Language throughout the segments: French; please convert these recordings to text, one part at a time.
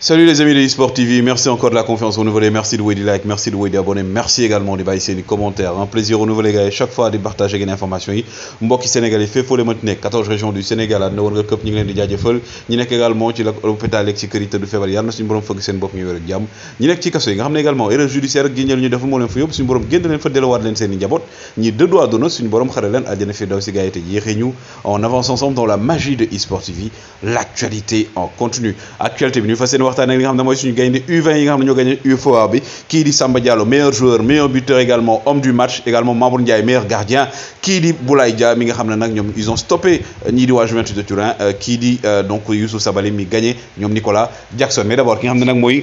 Salut les amis de eSport TV, merci encore de la confiance renouvelée, merci de vous des likes, merci de vous des abonnés, merci également de baisser les commentaires. Un plaisir renouvelé, gars, chaque fois de partager des informations. Mbok Sénégalais, fait pour les maintenir, 14 régions du Sénégal, à Noël Cup, nous sommes déjà Nous sommes également à l'hôpital de sécurité de février, nous sommes en train de faire des jam. Nous sommes en train de également erreur judiciaire, nous sommes en train de faire des choses, nous sommes en train de faire des choses, nous sommes en deux doigts de nous, nous sommes en train de faire des choses, nous on avance ensemble dans la magie de eSport TV, l'actualité en continu. Actualité, nous faisons waxtaan ak li nga xam ne mooy suñu U20 yi nga xam ne ñoo gagné UFOA bi kii di Samba Diallo meilleur joueur meilleur buteur également homme du match également Mamour Ndiaye meilleur gardien kii di Boulaye Dia mi nga xam ne nag ils ont stoppé euh, ñii di waa Juventus de Turin euh, kii di euh, donc Youssou Sabaly mi gagné ñoom Nicolas Jackson mais d'abord ki nga xam ne nag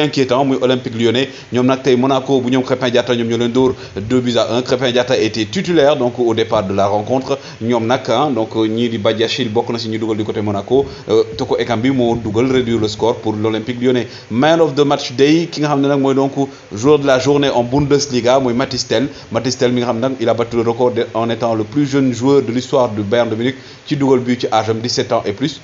inquiétant muy Olympique Lyonnais ñom nak tay Monaco bu ñom Crépin Diatta ñom ñoo leen 2 buts à 1 Crépin Diatta était titulaire donc au départ de la rencontre ñom nak ah hein, donc euh, ñi di Badiachil bokk na ci ñu duggal du côté Monaco euh, Toko Ekambi mo duggal réduire le score pour l'Olympique Lyonnais man of the match day ki nga xamné nak moy donc joueur de la journée en Bundesliga moy matistel Matistel. mi nga xam nak il a battu le record en étant le plus jeune joueur de l'histoire du Bayern de Munich ci duggal but ci âge 17 ans et plus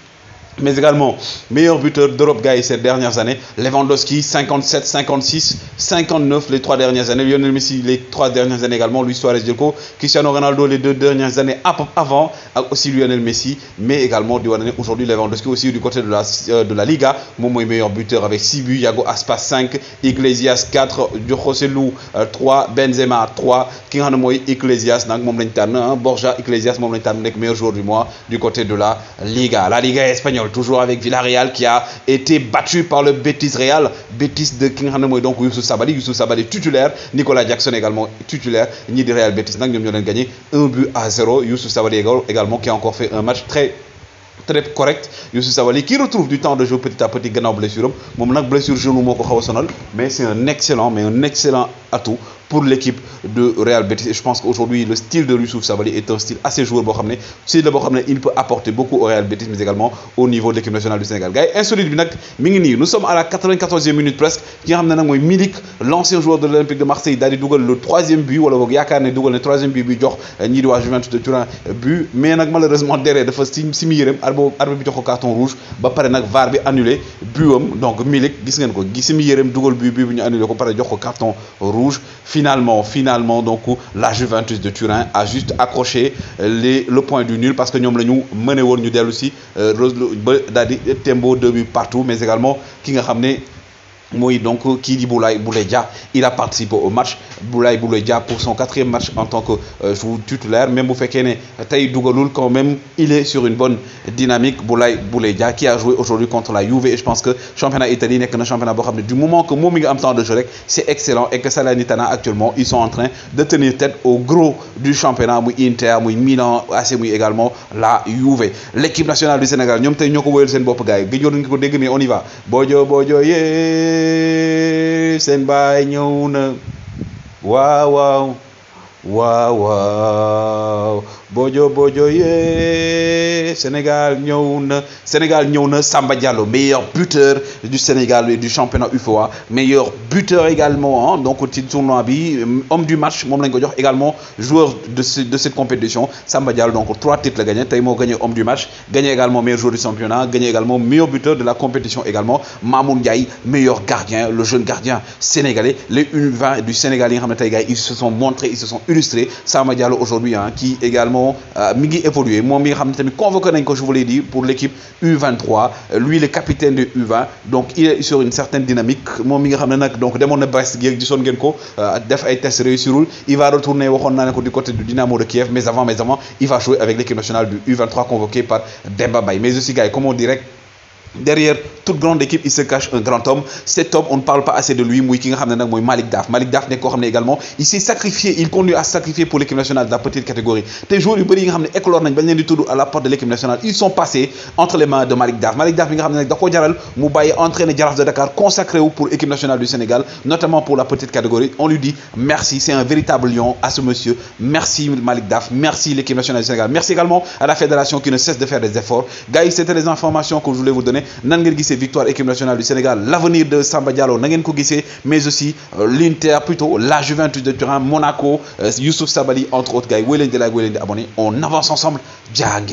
mais également meilleur buteur d'Europe, Guy ces dernières années. Lewandowski, 57, 56, 59 les trois dernières années. Lionel Messi, les trois dernières années également. Luis Suarez Deco, Cristiano Ronaldo, les deux dernières années avant. Aussi Lionel Messi, mais également aujourd'hui Lewandowski aussi du côté de la, euh, de la Liga. moment meilleur buteur avec 6 buts. Yago Aspas, 5. Iglesias, 4. José Lou, 3. Euh, Benzema, 3. Kinganomoy, Iglesias, hein. Borja, Iglesias, Momlentan, meilleur joueur du mois du côté de la Liga. La Liga espagnole toujours avec Villarreal qui a été battu par le Betis Real. Betis de King nga et donc Youssou Sabali, Youssou Sabali titulaire Nicolas Jackson également titulaire Ni de Real Betis Donc nous gagné un but à zéro Youssou Sabali également qui a encore fait un match très. très correct Youssou Sabali qui retrouve du temps de jeu petit à petit Gagnant blessure mais c'est un excellent mais un excellent atout pour l'équipe de Real Betis. Et je pense qu'aujourd'hui, le style de Youssouf Savali est un style assez joueur. C'est le il peut apporter beaucoup au Real Betis, mais également au niveau de l'équipe nationale du Sénégal. Gars, insolite, nous sommes à la 94e minute presque. Qui a Milik, l'ancien joueur de l'Olympique de Marseille, d'aller Dougal le troisième but. Ou alors, Dougal, le troisième but, but, ni de Juventus de Turin, but. Mais malheureusement, derrière, de Fastim, Simirem, arbitre au carton rouge, bah, par VAR bi annulé, but. Donc, Milik, Gisnenko, Gissimierem, Dougal, but, but, annulé, comparé, carton rouge finalement, finalement, donc la Juventus de Turin a juste accroché euh, le point du nul parce que nous, avons mené au woon ñu euh, Dadi, tembo deux partout mais également qui a ramené. Oui, donc dit Boulaye Bouleja, il a participé au match. Boulaye Bouleja pour son quatrième match en tant que joueur euh, titulaire. Même au fait qu'il quand même, il est sur une bonne dynamique. Boulaye Bouleja qui a joué aujourd'hui contre la Juve. Et je pense que le championnat italien est un championnat Du moment que Moumi a temps de c'est excellent. Et que Salernitana actuellement, ils sont en train de tenir tête au gros du championnat. Inter, Milan, AC également la Juve. L'équipe nationale du Sénégal, on y va. seen baay ñëw na waaw waaw Waouh waaw bojo bojo Sénégal ñëw Sénégal ñëw Samba Diallo meilleur buteur du Sénégal et du championnat UFOA meilleur buteur également hein. donc de tournoi bi euh, homme du match moom lañ également joueur de de cette compétition Samba Diallo donc trois titres la gagné tey gagné homme du match gagné également meilleur joueur du championnat gagné également meilleur buteur de la compétition également Mamoun Ndiaye meilleur gardien le jeune gardien sénégalais les U20 du Sénégal yi ils se sont montrés ils se sont illustré Sama Diallo aujourd'hui hein qui également euh, mi évoluer. évolué moi je nga convoqué ko je vous l'ai dit pour l'équipe U23 euh, lui le capitaine de U20 donc il est sur une certaine dynamique moi je nga donc dès mon Brest gi gisoon ko euh, def ay tests il va retourner au du côté du Dynamo de Kiev mais avant mais avant il va jouer avec l'équipe nationale du U23 convoqué par Demba Bay mais aussi gars comme on dirait derrière toute grande équipe il se cache un grand homme cet homme on ne parle pas assez de lui Malik Daff nga Malik également il s'est sacrifié il continue à sacrifier pour l'équipe nationale de la petite catégorie tes joueurs à la porte de l'équipe nationale ils sont passés entre les mains de Malik Daff Malik Daff il nga xam de Dakar consacré pour l'équipe nationale du Sénégal notamment pour la petite catégorie on lui dit merci c'est un véritable lion à ce monsieur merci Malik Daf. merci l'équipe nationale du Sénégal merci également à la fédération qui ne cesse de faire des efforts Guys, c'était les informations que je voulais vous donner nan ngeen victoire équipe nationale du Sénégal l'avenir de Samba Diallo na mais aussi euh, l'Inter plutôt la Juventus de Turin Monaco euh, Youssouf Sabali, entre autres gars abonné on avance ensemble jaa